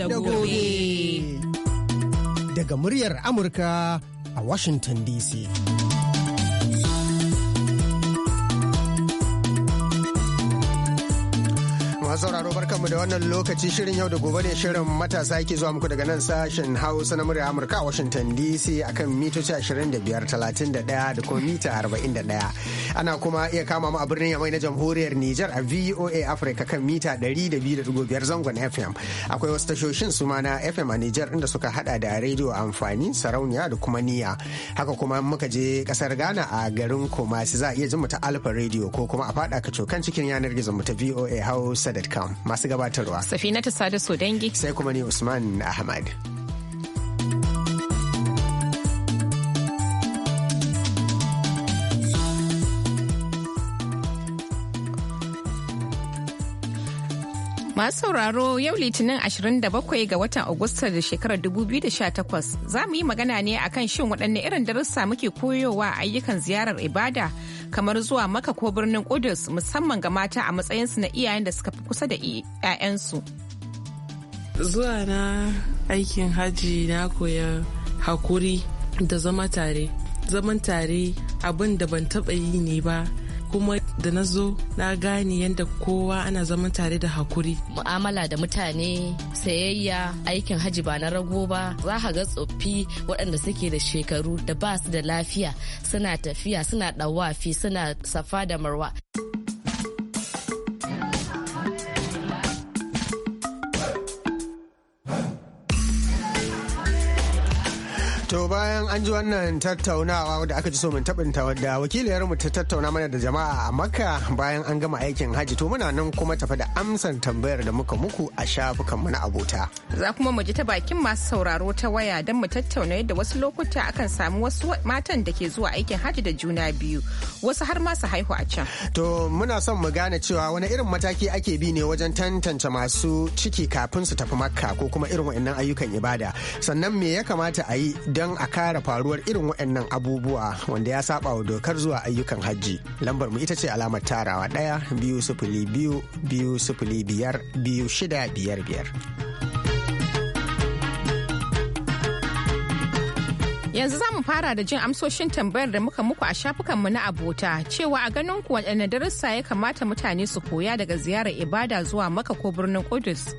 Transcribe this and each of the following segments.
da gobe. Daga muryar Amurka a Washington DC. sauraro barkanmu da wannan lokaci shirin yau da gobe ne shirin matasa yake zuwa muku daga nan sashen hausa na murya amurka a washington dc akan mitoci 25 31 da kuma mita 41 ana kuma iya kama mu a birnin yamai na jamhuriyar Nijar a VOA Africa kan mita 200.5 zangon FM akwai wasu tashoshin su ma na FM a Nijar inda suka hada da rediyo amfani sarauniya da kuma niya haka kuma muka je kasar Ghana a garin Kumasi za a iya jin mu ta Alfa Radio ko kuma a fada ka kan cikin yanar gizo mu ta VOA Hausa.com masu gabatarwa Safina ta sada so dangi sai kuma ni Usman Ahmad Masu sauraro yau Litinin 27 ga watan Agusta da shekarar 2018 za mu yi magana ne a kan shin waɗanne irin darussa muke koyowa ayyukan ziyarar ibada kamar zuwa maka ko birnin Kudus musamman ga mata a matsayinsu na iyayen da suka fi kusa da 'ya'yansu. Zuwa na aikin haji na koya hakuri da zama tare. Zaman tare abin da ban taɓa yi ne ba kuma da na zo na gane yadda kowa ana zaman tare da hakuri mu'amala da mutane sayayya aikin haji ba na rago ba za ka ga tsoffi waɗanda suke da shekaru da ba su da lafiya suna tafiya suna ɗawafi suna safa da marwa bayan an ji wannan tattaunawa da aka ji so min tabinta wadda mu ta tattauna mana da jama'a a makka bayan an gama aikin hajji to muna nan kuma tafi da amsan tambayar da muka muku a shafukan na abota. Za kuma mu ji ta bakin masu sauraro ta waya don mu tattauna yadda wasu lokuta akan samu wasu matan da ke zuwa aikin hajji da juna biyu wasu har ma su haihu a can. To muna son mu gane cewa wani irin mataki ake bi ne wajen tantance masu ciki kafin su tafi makka ko kuma irin waɗannan ayyukan ibada sannan me ya kamata a yi don a kare faruwar irin waɗannan abubuwa wanda ya saba wa dokar zuwa ayyukan hajji lambar mu ita ce alamar tarawa ɗaya biyu sufuli biyu biyu sufuli biyar biyu shida biyar biyar Yanzu za mu fara da jin amsoshin tambayar da muka muku a shafukanmu na abota cewa a ganin ku waɗanne darussa ya kamata mutane su koya daga ziyarar ibada zuwa maka ko birnin Kudus.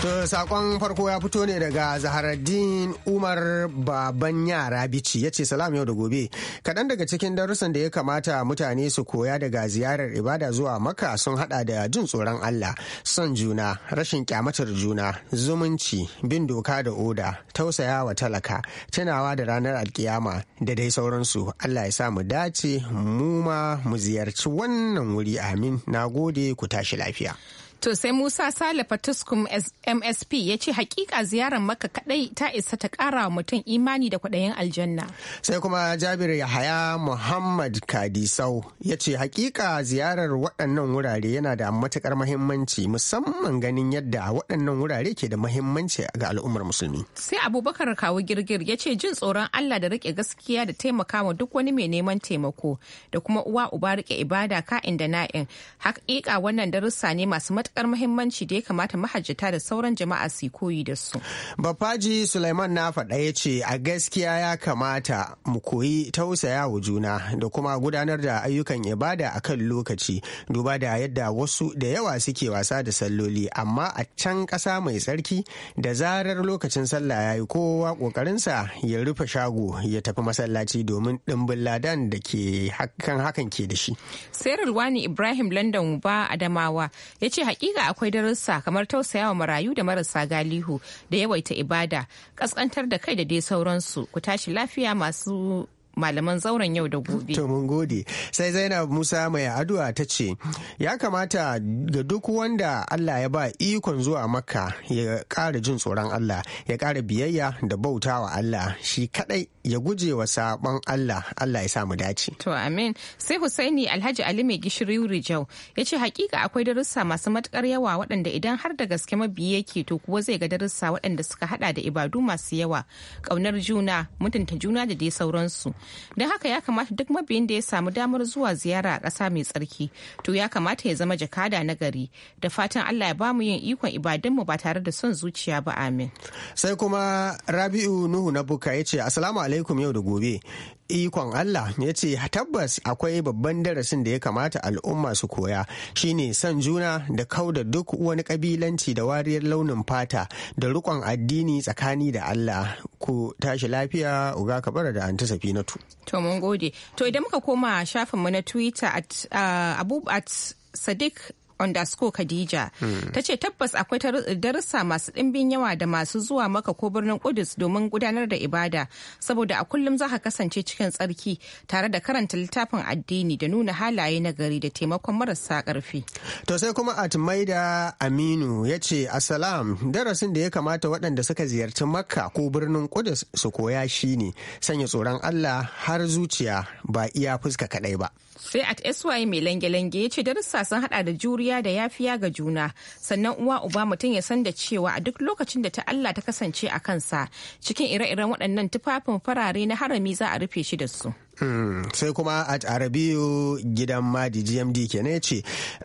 To sakon farko ya fito ne daga Zaharaddin Umar Baban Yara Bici ya ce salam yau da gobe. Kaɗan daga cikin darussan da ya kamata mutane su koya daga ziyarar ibada zuwa maka sun hada da jin tsoron Allah, son juna, rashin kyamatar juna, zumunci, bin doka da oda, tausaya wa talaka, tunawa da ranar alkiyama da dai sauransu. Allah ya sa mu dace mu ma mu ziyarci wannan wuri amin. Na gode ku tashi lafiya. To sai Musa Sale Fatuskum MSP ya ce hakika ziyarar maka kadai ta isa ta kara wa mutum imani da kwaɗayin aljanna. Sai kuma Jabir Yahaya Muhammad Kadisau ya ce hakika ziyarar waɗannan wurare yana da matukar mahimmanci musamman ganin yadda waɗannan wurare ke da mahimmanci ga al'ummar musulmi. Sai Abubakar Kawu Girgir ya ce jin tsoron Allah da rike gaskiya da taimakawa duk wani mai neman taimako da kuma uwa uba rike ibada ka'in da na'in. Hakika wannan darussa ne masu matukar muhimmanci da ya kamata mahajjata da sauran jama'a su koyi da su. Bafaji Sulaiman na faɗa ya ce a gaskiya ya kamata mu koyi tausaya wa juna da kuma gudanar da ayyukan ibada a kan lokaci duba da yadda wasu da yawa suke wasa da salloli amma a can ƙasa mai tsarki da zarar lokacin sallah ya yi kowa ƙoƙarinsa ya rufe shago ya tafi masallaci domin ɗimbin ladan da ke hakan hakan ke da shi. sai ne Ibrahim London ba Adamawa ya ce Hakika akwai darussa kamar tausayawa marayu da marasa galihu da yawaita ibada, kaskantar da kai da dai sauransu. Ku tashi lafiya masu malaman zauren yau da gobe. To mun gode. Sai Zainab Musa mai addu'a ta ce, ya kamata ga duk wanda Allah ya ba ikon zuwa Makka ya ƙara jin tsoron Allah, ya ƙara biyayya da bautawa Allah shi kaɗai ya guje wa sabon Allah Allah ya sa mu dace. To amin sai Husaini Alhaji Ali mai gishiri Rijau ya ce hakika akwai darussa masu matukar yawa waɗanda idan har da gaske mabiyi yake to kuwa zai ga darussa waɗanda suka hada da ibadu masu yawa ƙaunar juna mutunta juna da dai sauransu. Don haka ya kamata duk mabiyin da ya samu damar zuwa ziyara a ƙasa mai tsarki to ya kamata ya zama jakada na gari da fatan Allah ya bamu yin ikon ibadunmu ba tare da son zuciya ba amin. Sai kuma Rabi'u Nuhu na Buka ya ce Assalamu alaikum yau da gobe ikon Allah ya ce tabbas akwai babban darasin da ya kamata al'umma su koya shine son juna da da duk wani kabilanci da wariyar launin fata da rikon addini tsakani da Allah ku tashi lafiya uga kabara da anta safinatu to mun gode to idan muka koma shafinmu na twitter at, uh, at sadiq underscore Khadija. Hmm. Ta ce tabbas akwai darussa masu ɗimbin yawa da masu zuwa maka ko birnin Kudus domin gudanar da ibada saboda a kullum za ka kasance cikin tsarki tare da karanta littafin addini da nuna halaye na gari da taimakon marasa ƙarfi. To sai kuma Atmaida Aminu ya ce Assalam darasin da ya kamata waɗanda suka ziyarci Makka ko birnin Kudus su koya shine sanya tsoron Allah har zuciya ba iya fuska kaɗai ba. sai at sy mai lange-lange ya ce darussa sun hada da juriya da yafiya ga juna sannan uwa uba mutum ya san da cewa a duk lokacin da ta allah ta kasance a kansa cikin ire-iren waɗannan tufafin farare na harami za a rufe shi da su Hmm. sai kuma a arabiyu gidan madi gmd kenan ce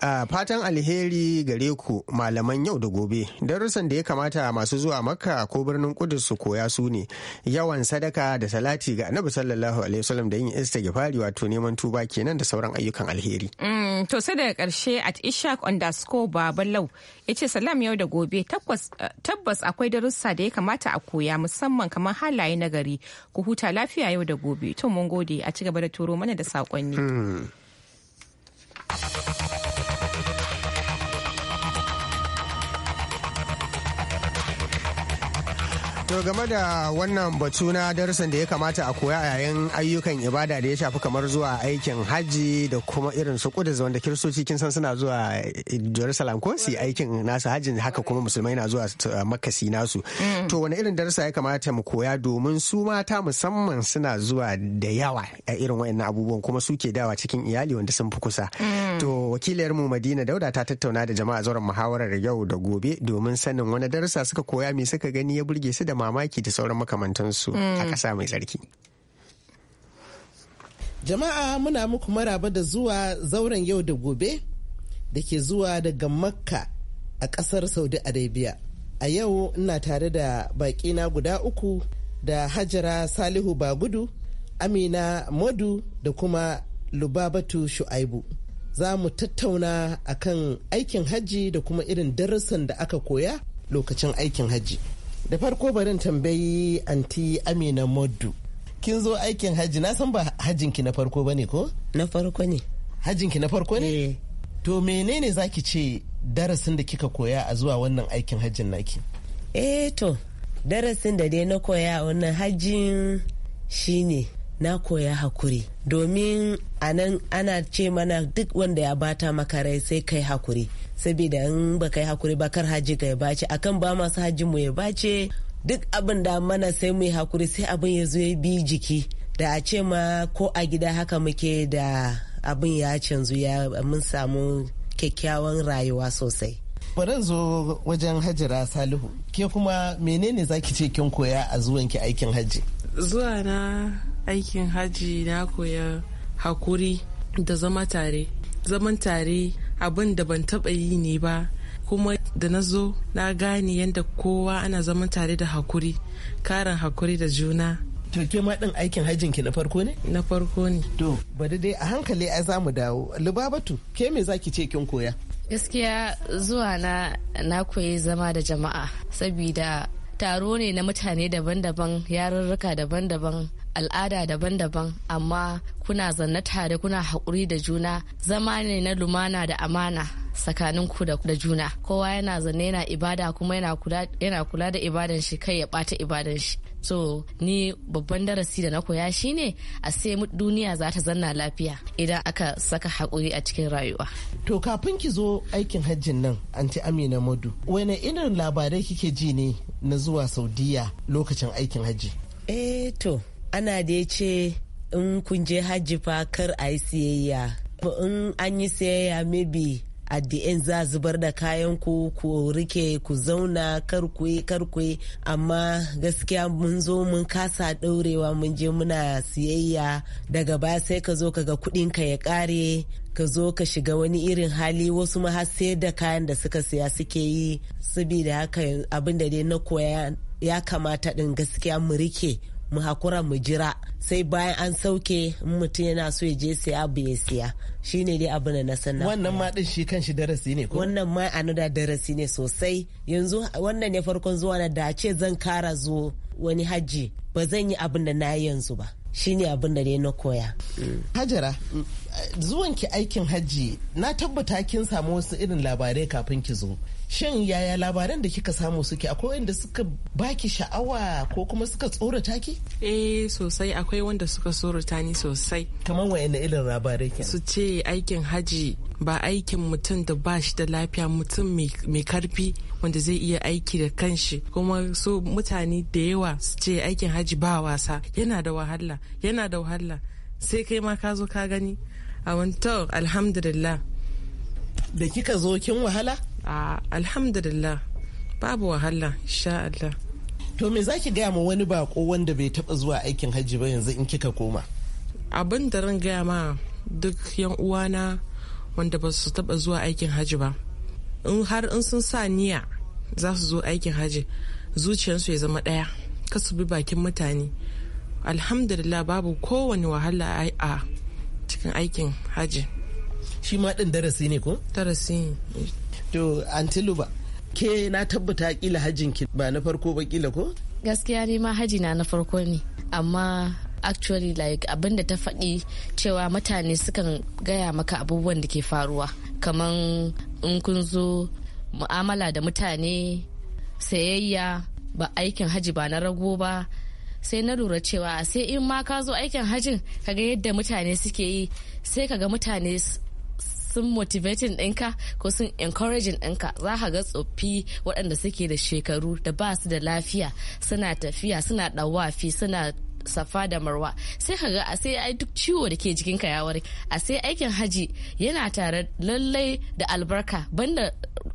ah, fatan alheri gare ku malaman yau da gobe darussan da ya kamata masu zuwa makka ko birnin kudus su koya su ne yawan sadaka da salati ga annabi sallallahu alaihi wasallam da yin istighfari wato neman tuba kenan da sauran ayyukan alheri hmm. to sai daga karshe at ishaq underscore babalau yace salam yau da gobe eh, tabbas akwai darussa da ya kamata a koya musamman kamar halaye na gari ku huta lafiya yau da gobe to mun gode a ci gaba da turo mana da saƙonni. Hmm. To game da wannan batu na darasin da ya kamata a koya a yayin ayyukan ibada da ya shafi kamar zuwa aikin hajji da kuma irin su kudus wanda kiristoci kin san suna zuwa Jerusalem ko su aikin nasu hajjin haka kuma musulmai na zuwa uh, makasi nasu. Mm. To wani irin darasa ya kamata mu koya domin su mata musamman suna zuwa da yawa a irin wayannan abubuwan kuma su ke dawa cikin iyali wanda sun fi kusa. Mm. To wakiliyar mu Madina Dauda ta tattauna da jama'a zauren muhawarar yau da gobe domin sanin wani darasa suka koya me suka gani ya burge su da mamaki da sauran makamantansu a hmm. ƙasa mai tsarki. Jama'a muna muku maraba da zuwa zauren yau da gobe da ke zuwa daga Makka a ƙasar Saudi Arabia. A yau ina tare da baƙina guda uku da Hajara Salihu Bagudu, Amina Modu da kuma Lubabatu Shu'aibu. Za mu tattauna kan aikin hajji da kuma irin darussan da aka koya lokacin aikin hajji. da farko barin tambayi anti amina moddu kin zo aikin hajji na san ba hajinki na farko ba ne ko na farko ne Hajinki na farko ne eh. to menene zaki ce darasin da kika koya a zuwa wannan aikin hajjin naki eh to darasin da dai na koya a wannan hajjin shine na koya hakuri domin a nan ana ce mana duk wanda ya bata maka rai sai kai hakuri saboda in ba kai hakuri ba kar haji ka ya bace akan ba masu haji mu ya bace duk abin da mana sai mu hakuri sai abin ya zo ya bi jiki da a ce ma ko a gida haka muke da abin ya canzu ya mun samu kyakkyawan rayuwa sosai bari zo wajen Hajjira salihu ke kuma menene zaki ce kin koya a zuwanki aikin hajji zuwa na aikin hajji na koya hakuri da zama tare zaman tare abin da ban taba yi ne ba kuma da na zo na gane yadda kowa ana zaman tare da hakuri karin hakuri da juna Toke ma din aikin hajjin ki na farko ne na farko ne to bari dai a hankali a za mu dawo libabatu ke me zaki ce kin koya gaskiya zuwa na na koyi zama da jama'a sabida taro ne na mutane daban-daban yarurruka daban-daban al'ada daban-daban amma kuna zanne tare kuna haƙuri da juna zama ne na lumana da amana tsakanin ku da juna kowa yana zanne yana ibada kuma yana kula da ibadan shi kai ya ɓata ibadan shi so ni babban darasi da na koya shine a sai duniya za ta zanna lafiya idan aka saka haƙuri a cikin rayuwa to kafin ki zo aikin hajjin nan anti amina madu wani irin labarai kike ji ne na zuwa saudiya lokacin aikin hajji eh to ana da ya ce in kun je hajji fa kar a yi siyayya in an yi siyayya maybe a the end za zubar da kayan ku ku rike ku zauna kar karkwe amma gaskiya mun zo mun kasa daurewa mun je muna siyayya daga baya sai ka zo kaga kudin ka ya kare ka zo ka shiga wani irin hali wasu ma har sayar da kayan da suka siya suke yi saboda haka abin da dai na koya ya kamata din gaskiya mu rike mu hakura mu jira sai bayan an sauke mutum yana so ya je siya abu ya siya shine dai abu na san wannan ma din shi kan shi darasi ne ko wannan ma anoda darasi ne sosai yanzu wannan ne farkon zuwa na da ce zan kara zo wani hajji ba zan yi abin da na yanzu ba shine abin da dai na koya hajara zuwanki aikin hajji na tabbata kin samu wasu irin labarai kafin ki zo shin yaya labaran da kika samu suke akwai wanda suka baki sha'awa ko kuma suka tsorata ki eh sosai akwai wanda suka tsorata ni sosai kamar wayanne irin labarai ke su ce aikin haji ba aikin mutum da ba shi da lafiya mutum mai karfi wanda zai iya aiki da kanshi kuma so mutane da yawa su ce aikin haji ba wasa yana da wahala yana da wahala sai kai ma ka zo ka gani a wanto alhamdulillah da kika zo kin wahala a alhamdulillah babu wahala insha Allah to me zaki gaya ma wani bako wanda bai taba zuwa aikin hajji ba yanzu in kika koma abin da ran gaya ma duk yan uwana wanda ba su taba zuwa aikin hajji ba in har in sun sa niyya za su zo aikin hajji zuciyarsu ya zama ɗaya su bi bakin mutane alhamdulillah babu kowane wahala a cikin aikin hajji shi ma ɗin darasi ne ko darasi ne to antiluba ke na tabbata kila hajin ki ba na farko ba kila ko gaskiya ne ma haji na na farko ne amma actually like abinda ta faɗi cewa mutane sukan gaya maka abubuwan da ke faruwa kaman in kun zo mu'amala da mutane sayayya ba aikin haji ba na rago ba sai na lura cewa sai in ma ka zo aikin hajin kaga yadda mutane suke yi sai kaga mutane sun motivating ɗinka ko sun encouraging ɗinka za ka ga tsoffi waɗanda suke da shekaru da ba su da lafiya suna tafiya suna ɗawafi suna safa da marwa sai ka ga a sai ai duk ciwo da ke jikinka ya warke a sai aikin haji yana tare lallai da albarka banda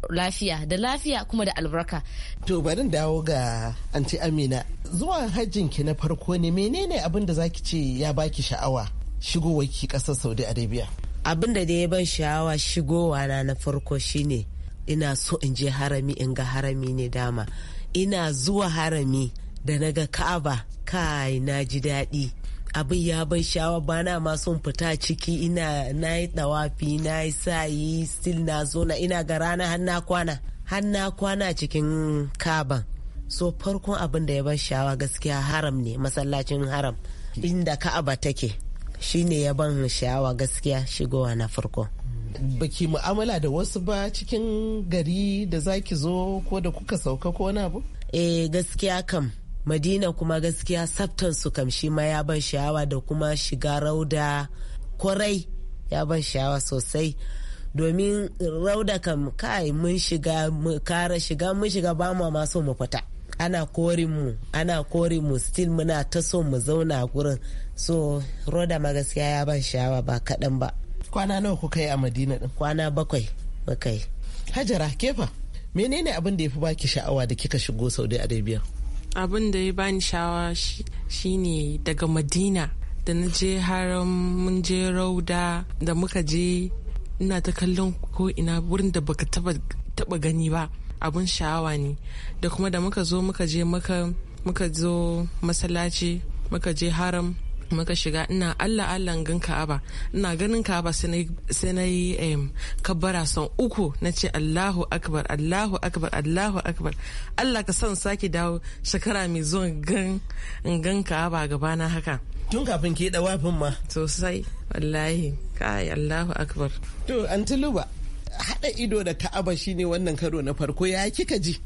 lafiya da lafiya kuma da albarka to bari dawo ga anti amina zuwa hajjin ki na farko ne menene abin da zaki ce ya baki sha'awa shigowa ki kasar saudi arabia abin da ya ban sha'awa shigowa na na farko shine ina so in je harami in ga harami ne dama ina zuwa harami da na ga ka'aba kai na ji daɗi abin ya ban sha'awa ba na ma fita ciki ina na yi ɗawafi na yi sayi still na zo na ina ga rana har kwana har kwana cikin kaban so farkon abin da ya ban sha'awa gaskiya haram ne masallacin haram inda ka'aba take shine ya ban sha'awa gaskiya shigowa na farko baki mu'amala da wasu ba cikin gari da zaki zo ko da kuka sauka ko wani abu eh gaskiya kam madina kuma gaskiya sabtan su kam shi ma ya ban sha'awa da kuma shiga rauda kwarai ya ban sha'awa sosai domin rauda kam kai mun shiga kara shiga mun shiga ba ma so mu fita ana kori mu ana kori mu still muna ta so mu zauna gurin so roda ma gaskiya ya ban sha'awa ba kaɗan ba kwana nawa kuka yi a madina din kwana bakwai bakai. hajara kefa menene abin da ya baki sha'awa da kika shigo saudi arabia abin da ya bani sha'awa shine daga madina da na je haram mun je rauda da muka je ina ta kallon ko ina wurin da baka taba gani ba abun sha'awa ne da kuma da muka zo muka je muka muka zo masallaci muka je haram muka shiga ina allah allah gan ka'aba ina ganin ka'aba sai na yi kabbara son uku na ce allahu akbar allahu akbar allahu akbar allah ka son sake dawo shekara mai zuwa gan ka'aba gabana haka tun kafin ke dawafin ma sosai wallahi kai allahu akbar to an tuluba hada ido da Ka'aba shine wannan karo na farko ya kika ji?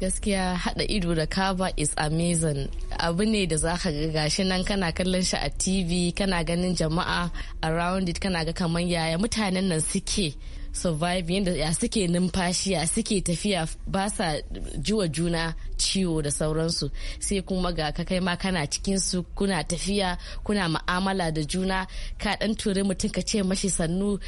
gaskiya hada ido da kaba is amazing abu ne da zaka ga gashi nan kana kallon shi a tv kana ganin jama'a around it kana ga kamar yaya mutanen nan suke survive yadda ya suke numfashi ya suke tafiya ba sa jiwa juna ciwo da sauransu sai kuma ga ka kai ma kana cikin su kuna tafiya kuna ma'amala da juna ka dan ture mutum ka ce mashi sannu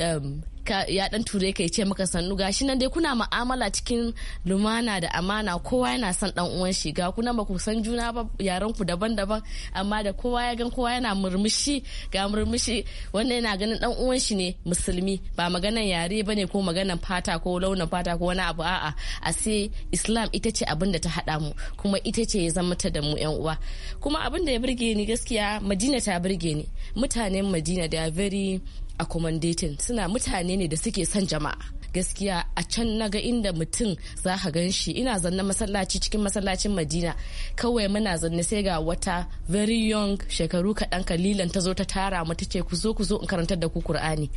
Um, ya dan ture ka ce maka sannu gashi nan dai kuna ma'amala cikin lumana da amana kowa yana son dan uwan shi ga kuna ba ku san juna ba yaran ku daban-daban amma da kowa ya gan kowa yana murmushi ga murmushi wannan yana ganin dan uwan shi ne musulmi ba maganan yare bane ko maganan fata ko launin fata ko wani abu a'a a sai islam ita ce abin da ta hada mu kuma ita ce ya zama ta da mu yan uwa kuma abin da ya burge ni gaskiya madina ta burge ni mutanen madina da very accommodating suna mutane ne da suke son jama'a gaskiya a can na ga inda mutum za ka gan shi ina zanne masallaci cikin masallacin madina kawai muna zanne sai ga wata very young shekaru kaɗan kalilan ta zo ta tara mu ta ce ku zo ku zo in karantar da ku kur'ani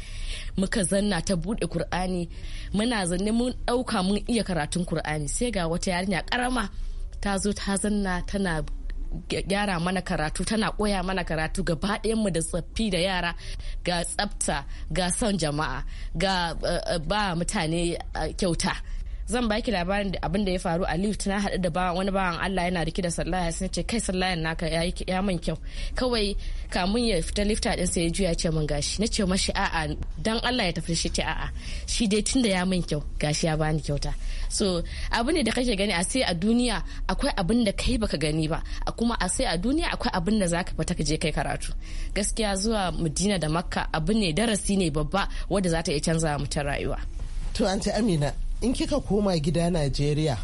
muka zanna ta buɗe kur'ani muna zanne mun ɗauka mun iya karatun kur'ani sai ga wata yarinya ƙarama ta zo ta zanna tana gyara mana karatu tana koya mana karatu gaba mu da tsaffi da yara ga tsafta ga son jama'a ga eh, eh, ba mutane eh, kyauta zan baki labarin abin da ya faru a lift na haɗu da wani bawan Allah yana riki da sallaya sun ce kai sallayan naka ya man kyau kawai kamun ya fita lifta din sai ya juya ce min gashi na ce mashi a'a dan Allah ya tafi shi ce a'a shi dai tunda ya man kyau gashi ya bani kyauta so abu da kake gani a sai a duniya akwai abin da kai baka gani ba a kuma a sai a duniya akwai abin da zaka fita ka je kai karatu gaskiya zuwa Madina da Makka abu ne darasi ne babba wanda zata yi iya canza mutum rayuwa to an amina in kika koma gida najeriya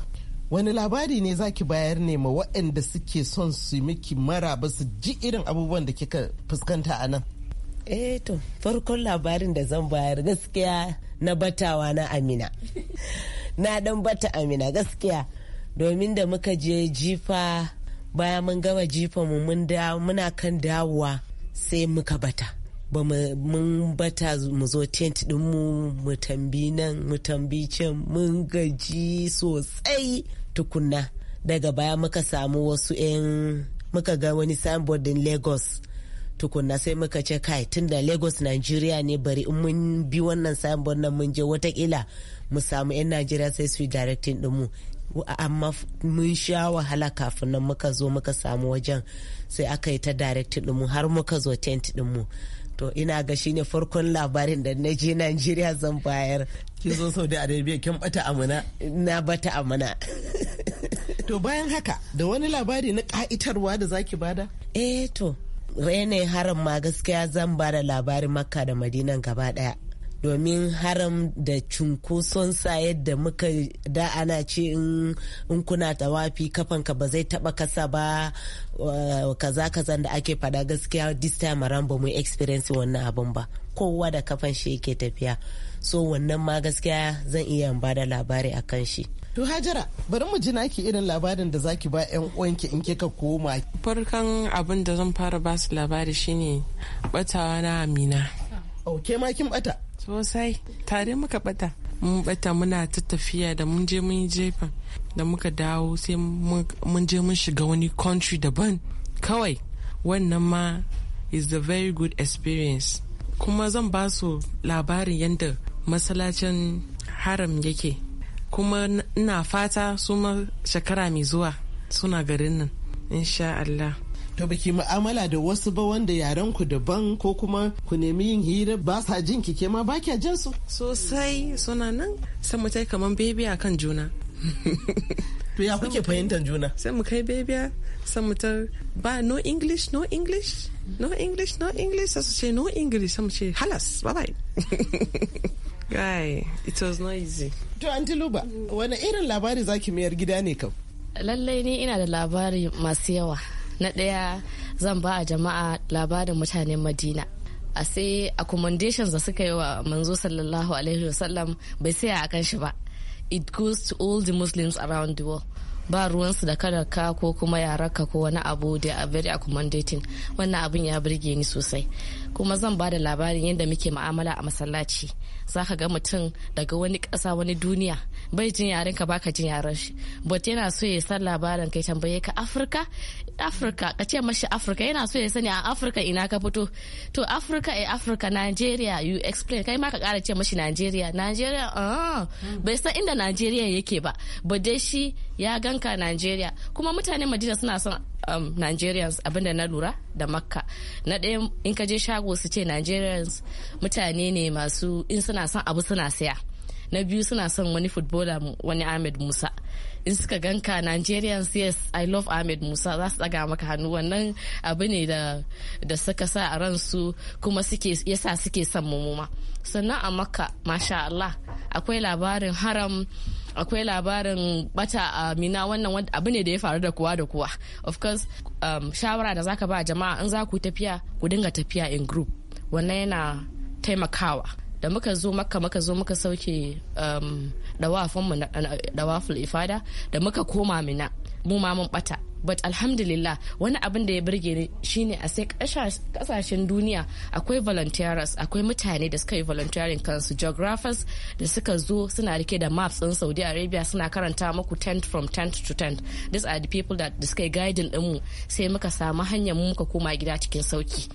wani labari ne zaki bayar ne ma waɗanda suke son su miki mara ba su ji irin abubuwan da kika fuskanta a nan eh to farkon labarin da zan bayar gaskiya na batawa na amina na dan bata amina gaskiya domin da muka je jifa bayan mun gama jifa mu mun muna kan dawowa sai muka bata ba mun bata mu zo tent din mu mu tambi nan mu tambi can mun gaji sosai tukunna daga baya muka samu wasu 'yan muka ga wani signboard din lagos tukunna sai muka ce kai tun da lagos nigeria ne bari in mun bi wannan signboard nan mun je watakila mu samu 'yan nigeria sai su directing mu amma mun sha wahala kafin nan muka zo muka samu wajen sai aka yi ta directing mu har muka zo tent din mu. to ina ga shine farkon labarin da na je najeriya zan bayar Ki zo saudi arabia kin bata amana na bata amana to bayan haka da wani labari na ka'itarwa da zaki bada eh to rene haram ma gaskiya zan bada labarin makka da madinan gaba daya domin haram da cunkoson sa yadda muka da ana ce in kuna tawafi kafanka ba zai taba kasa ba kaza kazan da ake fada gaskiya this time around ba mu experience wannan abin ba kowa da kafan shi yake tafiya so wannan ma gaskiya zan iya ba da labari a kan shi To Hajara, bari mu ji naki irin labarin da zaki ba 'yan uwanki in ke ka koma. Farkan abin da zan fara basu labari shine batawa na Amina. Auke oh, ma kin bata? sosai tare muka bata mun bata muna ta tafiya da mun je mun jefa da muka dawo sai mun je mun shiga wani country daban kawai wannan ma is the very good experience kuma zan ba su labarin yadda masalacin haram yake kuma ina fata su ma shekara mai zuwa suna garin nan insha Allah to baki mu'amala da wasu ba wanda yaren ku daban ko kuma ku nemi yin hira ba sa jin kike ma ba kya jin su sosai suna nan sai mu tai kaman a akan juna to ya kuke fahimtar juna sai mu kai baby sai mu ba no english no english no english no english sai su ce no english sai mu ce halas bye bye guy it was not easy to antiluba wani irin labari zaki mayar gida ne kam lallai ne ina da labari masu yawa na ɗaya zan ba a jama'a labarin mutanen madina a sai accommodations da suka yi wa manzo sallallahu alaihi wasallam bai saya a kan shi ba it goes to all the muslims around the world ba ruwansu da kada ka ko kuma yararka ko wani abu da a very accommodating wannan abin ya birge ni sosai kuma zan ba da labarin yadda muke ma'amala a masallaci za ka ga mutum daga wani ƙasa wani duniya bai jin yaren ka baka jin yaren shi but yana so ya san labarin kai tambaye ka afirka afirka ka ce mashi afirka yana so ya sani a afirka ina ka fito to afirka a eh, afirka nigeria you explain kai ma ka kara ce mashi nigeria nigeria ah bai san inda nigeria yake ba but dai shi ya ganka nigeria kuma mutane madina suna son um, nigerians abinda na lura da makka na ɗaya in ka je shago su ce nigerians mutane ne masu in suna son abu suna saya na biyu suna son wani footballer wani ahmed musa in suka ganka nigerians yes i love ahmed musa za su daga maka hannu wannan abu ne da, suka sa a ransu kuma suke yasa suke son mumuma sannan a makka masha allah akwai labarin haram akwai labarin bata a mina wannan abu ne da ya faru da kowa da kowa of course um, shawara da zaka ba jama'a in za ku tafiya ku dinga tafiya in group wannan yana taimakawa da muka zo makka muka zo muka sauke um, dawaful ifada da muka koma mina mu ma mun bata but alhamdulillah wani abin da ya burge ni shine a sai kasashen duniya akwai volunteers akwai mutane da suka yi volunteering kansu geographers da suka zo suna rike da maps din saudi arabia suna karanta muku tent from tent to tent these are the people that suka yi guiding dinmu sai muka samu hanyar mu muka koma gida cikin sauki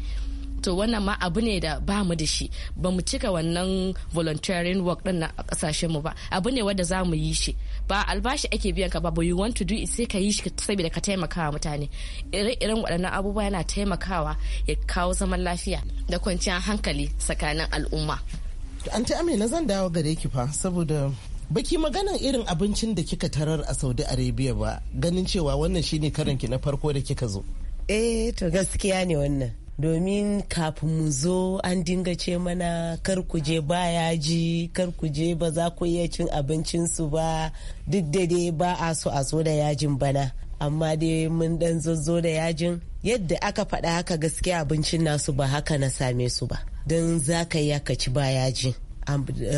to wannan ma abu ne da ba mu da shi ba mu cika wannan volunteering work din na kasashen mu ba abu ne wanda za mu yi shi ba albashi ake biyan ka ba but you want to do it sai ka yi shi saboda ka taimakawa mutane irin waɗannan abubuwa yana taimakawa ya kawo zaman lafiya da kwanciyar hankali tsakanin al'umma an ta amina zan dawo gare ki fa saboda baki maganan irin abincin da kika tarar a saudi arabia ba ganin cewa wannan shine karanki na farko da kika zo eh to gaskiya ne wannan domin kafin mu zo an dinga ce mana kar ku je baya ji kar ku je ba za ku iya cin abincinsu ba duk da dai ba a so a zo da yajin bana amma dai mun dan zazzo da yajin yadda aka faɗa haka gaskiya abincin nasu ba haka na same su ba don za ka yi ka ci ba yaji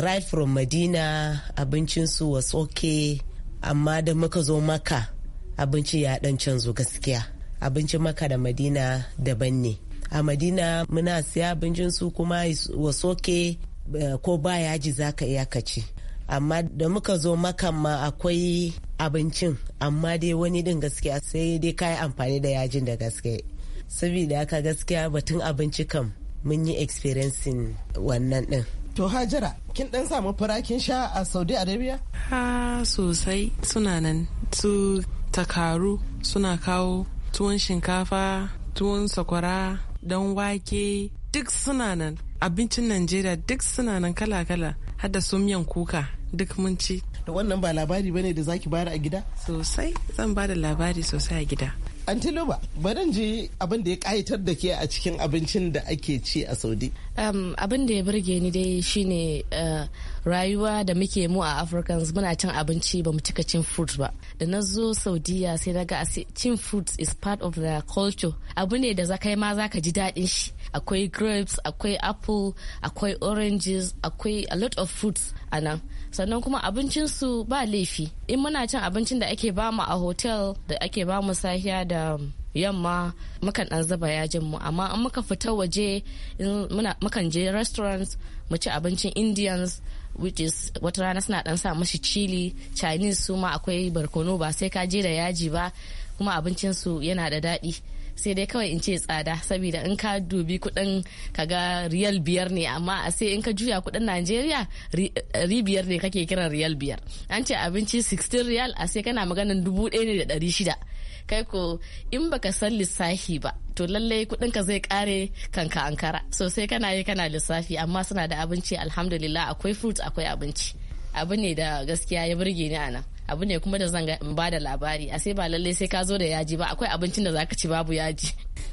right from madina abincinsu was okay amma da muka zo maka abinci ya dan canzo gaskiya abincin maka da madina daban ne a madina muna siya abincin su kuma wasoke eh, ko ba yaji za ka iya ka ci amma da muka zo makan ma akwai abincin amma dai wani din gaskiya sai dai kayi amfani da yajin da gaske saboda haka gaskiya batun abinci kam mun yi experiencing wannan din To Hajara, kin dan samu farakin sha a Saudi Arabia? Ha sosai suna nan su takaru suna kawo tuwon shinkafa, tuwon sakwara, dan wake duk suna nan abincin najeriya duk suna nan kala-kala hada su miyan kuka duk mun ci da wannan ba labari bane da zaki bayar a gida sosai zan bada labari sosai a gida antiloba barin ji abin da ya kayatar da ke a cikin abincin da ake ci a saudi um, abin da ya burge ni dai shine uh, rayuwa da muke mu a africans muna cin abinci ba mu cika cin fruit ba da na zo saudiya sai na ga cin fruit is part of the culture abu ne da zakai ma zaka ji daɗin shi akwai grapes akwai apple akwai oranges akwai a lot of fruits a nan sannan kuma abincinsu ba laifi in muna cin abincin da ake bamu a hotel da ake bamu sahiya da yamma mukan dan zuba yajin mu amma in muka fita waje in mukan je restaurants mu ci abincin indians which is wata rana suna dan sa mashi chili chinese su ma akwai barkono ba sai ka je da yaji ba kuma abincinsu yana da daɗi sai dai kawai in ce tsada saboda in ka dubi kuɗin kaga riyal biyar ne amma a sai in ka juya kuɗin najeriya ribiyar ne kake kiran riyal biyar an ce abinci 16 riyal a sai kana maganin dubu ɗaya ne da ɗari shida kai ko in baka san lissafi ba to lallai kudin ka zai kare kanka ankara so sai kana yi kana lissafi amma suna da abinci alhamdulillah akwai fruit akwai abinci abu ne da gaskiya ya burge ni a nan abu ne kuma da zan ba da labari a sai ba lallai sai ka zo da yaji ba akwai abincin da zaka ci babu yaji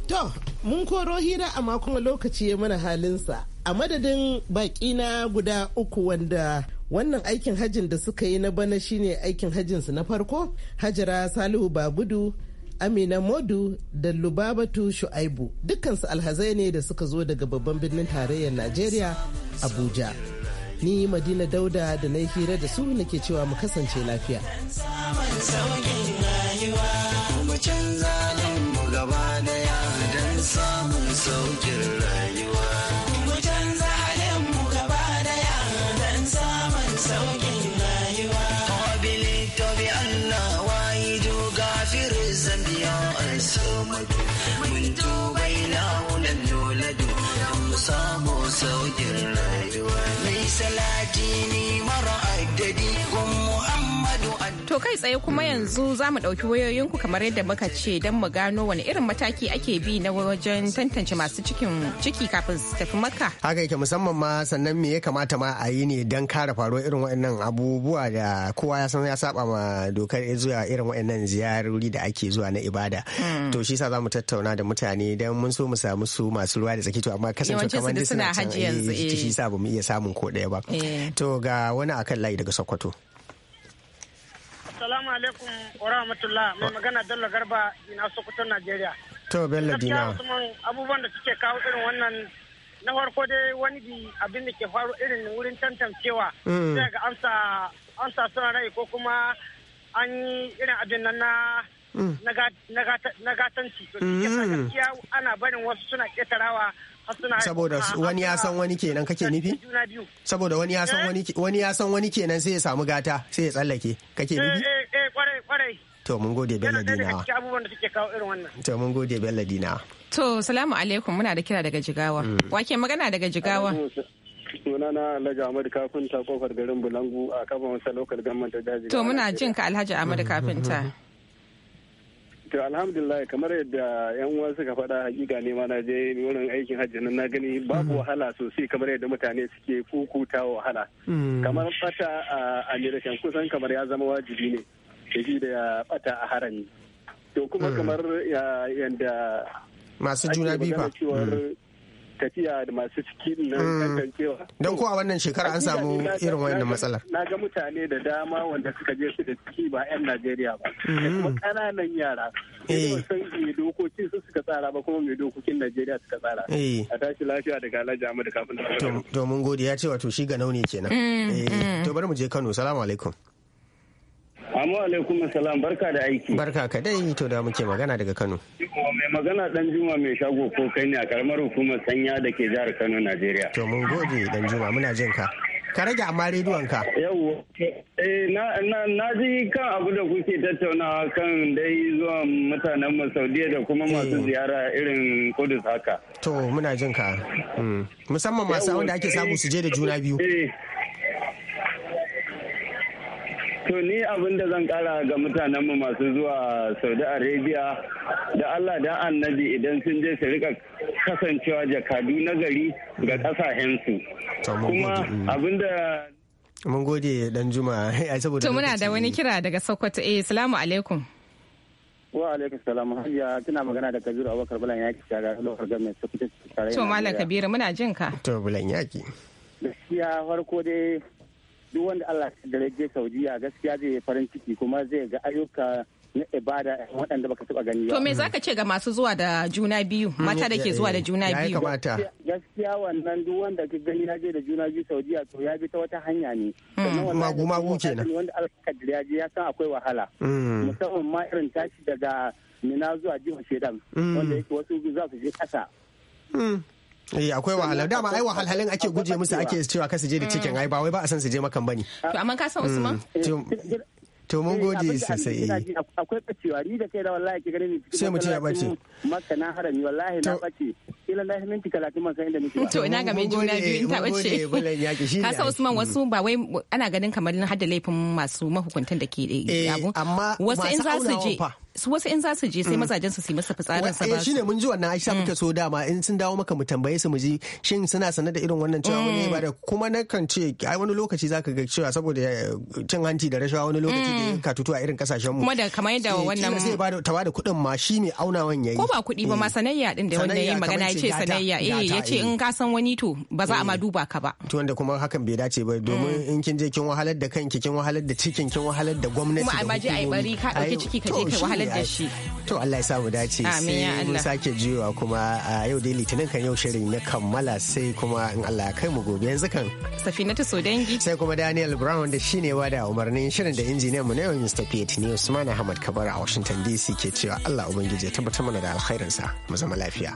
to mun koro hira amma kuma lokaci ya mana halinsa a madadin baki na guda uku wanda wannan aikin hajin da suka yi na bana shine aikin su na farko hajara salihu babudu amina modu da lubabatu shu'aibu dukkansu alhazai ne da suka zo daga babban birnin tarayyar najeriya abuja ni madina dauda da na hira da su nake cewa mu kasance lafiya. To kai tsaye kuma yanzu za mu ɗauki wayoyinku kamar yadda muka ce don mu gano wani irin mataki ake bi na wajen tantance masu cikin ciki kafin su tafi maka. Haka yake musamman ma sannan me ya kamata ma a yi ne don kare faruwar irin waɗannan abubuwa da kowa ya san ya saba ma dokar zuwa irin waɗannan ziyarori da ake zuwa na ibada. Hmm. To shi sa za mu tattauna da mutane don mun so mu samu su masu ruwa da tsaki to amma kasance kamar suna hajji yanzu. Eh, shi eh. sa ba mu iya samun ko ɗaya ba. Eh. To ga wani akan layi daga Sokoto. Assalamu alaikum wa rahmatullah mai magana Bello Garba ina Sokoto Najeriya. To Bello Dina. abubuwan da suke kawo irin wannan na farko dai wani bi abin da ke faru irin wurin tantancewa. Mm. Sai ga amsa amsa suna rai ko kuma an yi irin abin nan na mm. na gatanci. Mm. ana barin wasu suna ketarawa saboda wani ya san wani kenan kake nufi saboda wani ya san wani wani ya san wani kenan sai ya samu gata sai ya tsallake kake nufi eh eh, eh kwarai kwarai to mun gode bello dinawa to mun gode bella dina to salamu alaikum muna da kira daga jigawa mm. wake magana daga jigawa sunana Alhaji Ahmadu Kafinta kofar garin Bulangu a kafa masa lokal gamman ta daji. To muna jin ka Alhaji Ahmadu Kafinta. Mm-hmm. to alhamdulillah kamar yadda yan uwa suka faɗa hakika ne ma na je wurin aikin hajji nan na gani babu mhm. wahala sosai kamar yadda mutane suke kukuta wahala mm. kamar fata a american kusan kamar ya zama wajibi ne da da fata a harami to kuma mm. kamar yadda masu juna biyu tafiya da masu ciki nan hmm. tantancewa. Don kuwa wannan shekara an samu irin wannan matsalar. Na ga mutane da dama wanda suka je su da ciki ba 'yan Najeriya ba. Hmm. Kuma kananan yara. Sun yi dokoki su suka tsara ba kuma mai dokokin Najeriya suka tsara. Eh. A tashi lafiya daga Alhaji da kafin da. To Domin godiya ya to shi ga nauni kenan. Hmm, eh. To bari mu je Kano. Salamu alaikum. Amma alaikum salam barka da aiki. Barka ka dai to da muke magana daga Kano. Mai magana dan Juma mai shago ko kai ne a karamar hukumar sanya da ke jihar Kano Najeriya. To mun gode dan Juma muna jin ka. Ka rage amma rediyon ka. Yawwa. Eh na ji kan abu da kuke tattaunawa kan dai zuwa mutanen mu Saudiya da kuma masu eh. ziyara irin Kudus haka. To muna jin ka. Hmm. Musamman masu wanda ake samu su je da juna biyu. Eh To ni abin da zan kara ga mutanenmu masu zuwa Saudi Arabia da Allah da annabi idan sun je su rika kasancewa jakadu na gari ga kasahensu. Kuma mm. abin da Mun gode dan Juma ai saboda muna da wani kira daga Sokoto eh salamu alaikum. Wa alaikum salam hajiya kina magana da Kabiru Abubakar Bulan Yaki daga lokar gwamnati Sokoto. To Malam Kabiru muna jin ka. To Bulan Yaki. Gaskiya farko dai duk wanda Allah ya dare je Saudiya gaskiya zai yi farin ciki kuma zai ga ayyuka na ibada waɗanda baka taba gani ba. To me zaka ce ga masu zuwa da juna biyu mm. mata da ke zuwa da juna biyu. Ya kamata. Gaskiya wannan duk wanda ka gani na je da juna biyu Saudiya to ya bi ta wata hanya ne. Mm. Magu magu kenan. Wanda Allah ya je ya san akwai wahala. Mm. Musamman ma irin tashi daga Mina zuwa jihar Shedan wanda yake wasu za su je ƙasa. Eh akwai wahala dama ai wahalhalin ake guje musu ake cewa kasu je da cikin ai ba wai ba a san su je makan bane. To amma ka san Usman? Mm. Eh, eh, eh, to mun gode sosai. Akwai bacewa ni da kai da wallahi ki gare ni. Sai mu ci ya bace. Maka na harami wallahi na bace. kila na minti talatin ma san inda nake To ina ga mai juna biyu in taɓa ce. Ka sa Usman wasu ba wai ana ganin kamar na hada laifin masu mahukuntan da ke abu. Amma wasu in za su je. wasu in za su je sai mm. mazajen su yi masa fitsarin sa eh, ba shine mun ji wannan aisha muke mm. so dama in sun dawo maka mu tambaye su mu ji shin suna sanar da irin wannan cewa wani mm. ba da kuma na kan ce ai wani lokaci zaka ga cewa saboda eh, cin hanci da rashawa wani lokaci da ka tutu a irin kasashen mu kuma da kamar yadda eh, wannan sai ba da tawa da kuɗin ma shi ne aunawan yayi ko ba kuɗi ba ma sanayya din da wanda yayin magana ya ce sanayya eh ya ce in ka san wani to ba za a ma duba ka ba to wanda kuma hakan bai dace ba domin in kin je kin wahalar da kanki kin wahalar da cikin kin wahalar da gwamnati kuma a baje ai bari ka dauki ciki ka je ka wahalar amfanar da shi to Allah ya samu dace sai mun sake jiwa kuma a yau dai litinin kan yau shirin ya kammala sai kuma in Allah kai mu gobe yanzu kan safinatu dangi. sai kuma Daniel Brown da shine wada umarnin shirin da injiniyan mu na yau Mr. Pete ne Usman Ahmad Kabar a Washington DC ke cewa Allah ubangiji ya tabbatar mana da alkhairin sa mu zama lafiya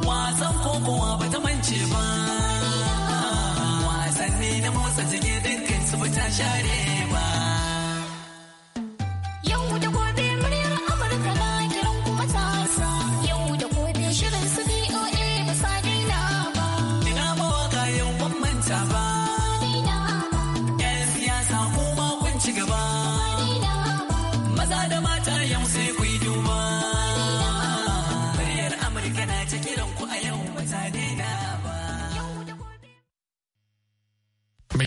wasan kokowa ba mance ba na motsa jiki dukkan su ba share